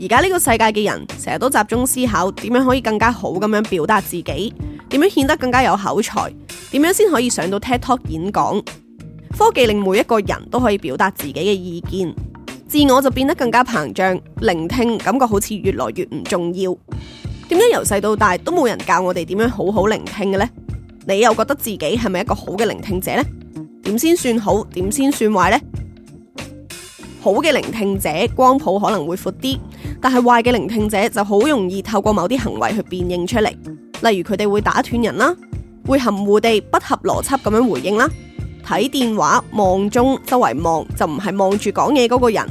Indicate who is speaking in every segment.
Speaker 1: 而家呢個世界嘅人成日都集中思考點樣可以更加好咁樣表達自己，點樣顯得更加有口才，點樣先可以上到 TikTok 演講？科技令每一個人都可以表達自己嘅意見，自我就變得更加膨脹，聆聽感覺好似越來越唔重要。點解由細到大都冇人教我哋點樣好好聆聽嘅呢？你又覺得自己係咪一個好嘅聆聽者呢？點先算好？點先算壞呢？好嘅聆聽者光譜可能會闊啲。但係壞嘅聆聽者就好容易透過某啲行為去辨認出嚟，例如佢哋會打斷人啦，會含糊地不合邏輯咁樣回應啦，睇電話、望鐘、周圍望就唔係望住講嘢嗰個人，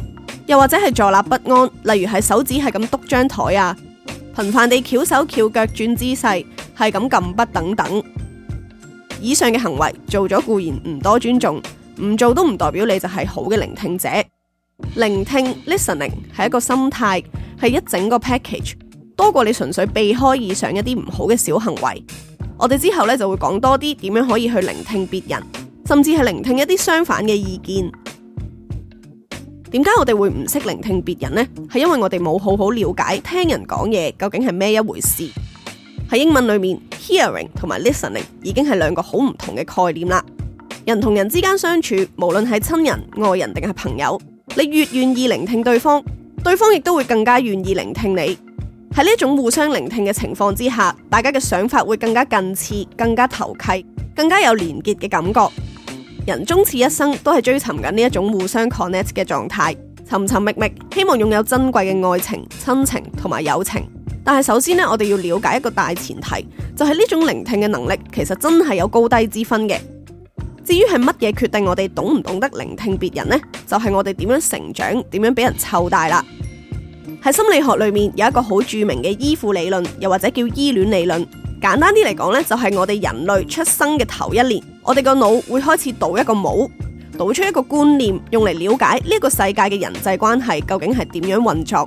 Speaker 1: 又或者係坐立不安，例如係手指係咁篤張台啊，頻繁地翹手翹腳轉姿勢，係咁撳筆等等。以上嘅行為做咗固然唔多尊重，唔做都唔代表你就係好嘅聆聽者。聆聽 listening 係一個心態，係一整個 package，多過你純粹避開以上一啲唔好嘅小行為。我哋之後咧就會講多啲點樣可以去聆聽別人，甚至係聆聽一啲相反嘅意見。點解我哋會唔識聆聽別人呢？係因為我哋冇好好了解聽人講嘢究竟係咩一回事。喺英文裏面，hearing 同埋 listening 已經係兩個好唔同嘅概念啦。人同人之間相處，無論係親人、愛人定係朋友。你越願意聆聽對方，對方亦都會更加願意聆聽你。喺呢種互相聆聽嘅情況之下，大家嘅想法會更加近似，更加投契，更加有連結嘅感覺。人終此一生都係追尋緊呢一種互相 connect 嘅狀態，尋尋覓覓，希望擁有珍貴嘅愛情、親情同埋友情。但係首先呢，我哋要了解一個大前提，就係呢種聆聽嘅能力，其實真係有高低之分嘅。至於係乜嘢決定我哋懂唔懂得聆聽別人呢？就係、是、我哋點樣成長，點樣俾人湊大啦。喺心理學裏面有一個好著名嘅依附理論，又或者叫依戀理論。簡單啲嚟講呢，就係、是、我哋人類出生嘅頭一年，我哋個腦會開始倒一個模，倒出一個觀念，用嚟了解呢個世界嘅人際關係究竟係點樣運作。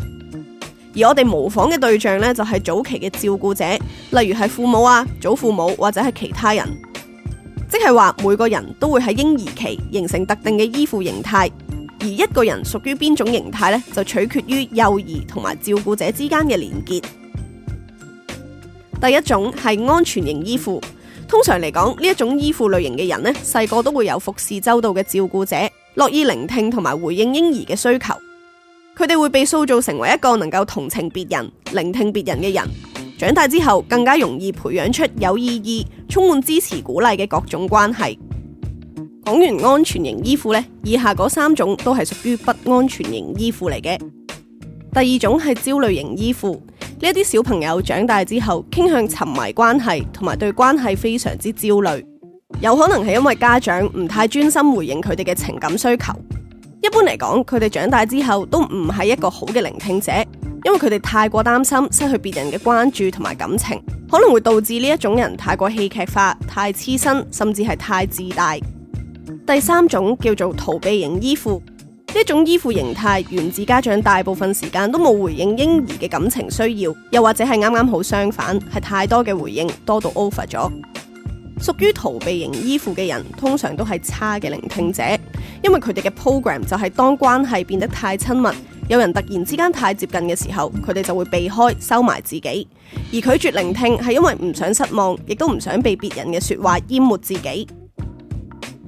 Speaker 1: 而我哋模仿嘅對象呢，就係、是、早期嘅照顧者，例如係父母啊、祖父母或者係其他人。即係話，每個人都會喺嬰兒期形成特定嘅依附形態，而一個人屬於邊種形態呢，就取決於幼兒同埋照顧者之間嘅連結。第一種係安全型依附，通常嚟講呢一種依附類型嘅人呢，細個都會有服侍周到嘅照顧者，樂意聆聽同埋回應嬰兒嘅需求。佢哋會被塑造成為一個能夠同情別人、聆聽別人嘅人。長大之後，更加容易培養出有意義、充滿支持鼓勵嘅各種關係。講完安全型依附呢，以下嗰三種都係屬於不安全型依附嚟嘅。第二種係焦慮型依附，呢一啲小朋友長大之後傾向沉迷關係，同埋對關係非常之焦慮，有可能係因為家長唔太專心回應佢哋嘅情感需求。一般嚟講，佢哋長大之後都唔係一個好嘅聆聽者。因為佢哋太過擔心失去別人嘅關注同埋感情，可能會導致呢一種人太過戲劇化、太黐身，甚至係太自大。第三種叫做逃避型依附，呢一種依附形態源自家長大部分時間都冇回應嬰兒嘅感情需要，又或者係啱啱好相反，係太多嘅回應多到 over 咗。屬於逃避型依附嘅人，通常都係差嘅聆聽者，因為佢哋嘅 program 就係當關係變得太親密。有人突然之間太接近嘅時候，佢哋就會避開、收埋自己，而拒絕聆聽，係因為唔想失望，亦都唔想被別人嘅說話淹沒自己。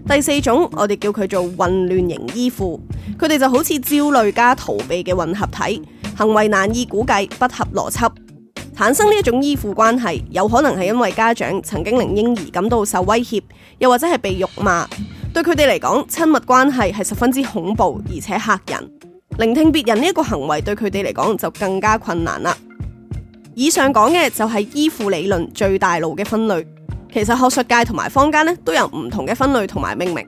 Speaker 1: 第四種，我哋叫佢做混亂型依附，佢哋就好似焦慮加逃避嘅混合體，行為難以估計，不合邏輯。產生呢一種依附關係，有可能係因為家長曾經令嬰兒感到受威脅，又或者係被辱罵。對佢哋嚟講，親密關係係十分之恐怖，而且嚇人。聆聽別人呢一個行為對佢哋嚟講就更加困難啦。以上講嘅就係依附理論最大路嘅分類。其實學術界同埋坊間呢都有唔同嘅分類同埋命名，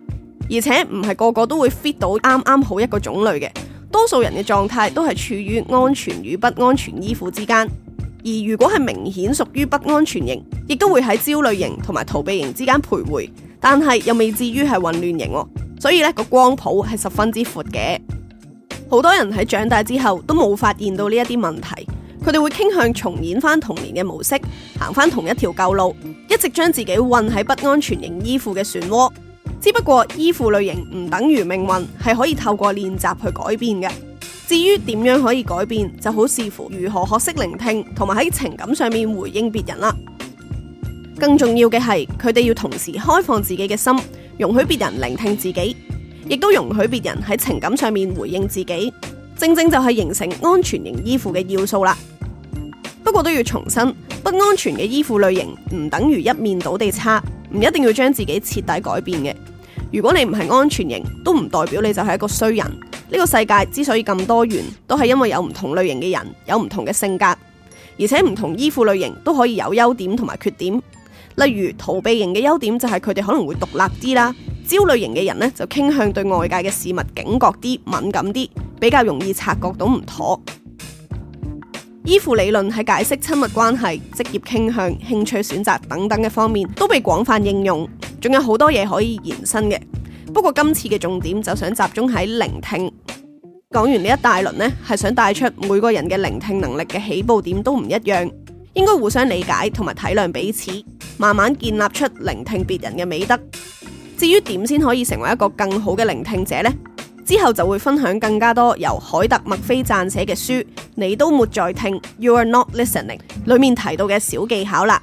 Speaker 1: 而且唔係個個都會 fit 到啱啱好一個種類嘅。多數人嘅狀態都係處於安全與不安全依附之間，而如果係明顯屬於不安全型，亦都會喺焦慮型同埋逃避型之間徘徊，但係又未至於係混亂型哦。所以呢個光譜係十分之闊嘅。好多人喺長大之後都冇發現到呢一啲問題，佢哋會傾向重演翻童年嘅模式，行翻同一條舊路，一直將自己困喺不安全型依附嘅漩渦。只不過依附類型唔等於命運，係可以透過練習去改變嘅。至於點樣可以改變，就好視乎如何學識聆聽同埋喺情感上面回應別人啦。更重要嘅係，佢哋要同時開放自己嘅心，容許別人聆聽自己。亦都容許別人喺情感上面回應自己，正正就係形成安全型依附嘅要素啦。不過都要重申，不安全嘅依附類型唔等於一面倒地差，唔一定要將自己徹底改變嘅。如果你唔係安全型，都唔代表你就係一個衰人。呢個世界之所以咁多元，都係因為有唔同類型嘅人，有唔同嘅性格，而且唔同依附類型都可以有優點同埋缺點。例如逃避型嘅優點就係佢哋可能會獨立啲啦。焦慮型嘅人呢，就傾向對外界嘅事物警覺啲、敏感啲，比較容易察覺到唔妥。依附理論喺解釋親密關係、職業傾向、興趣選擇等等嘅方面，都被廣泛應用，仲有好多嘢可以延伸嘅。不過今次嘅重點就想集中喺聆聽。講完呢一大輪呢，係想帶出每個人嘅聆聽能力嘅起步點都唔一樣，應該互相理解同埋體諒彼此，慢慢建立出聆聽別人嘅美德。至於點先可以成為一個更好嘅聆聽者呢？之後就會分享更加多由海特麥菲撰寫嘅書，你都沒在聽，You are not listening，裡面提到嘅小技巧啦。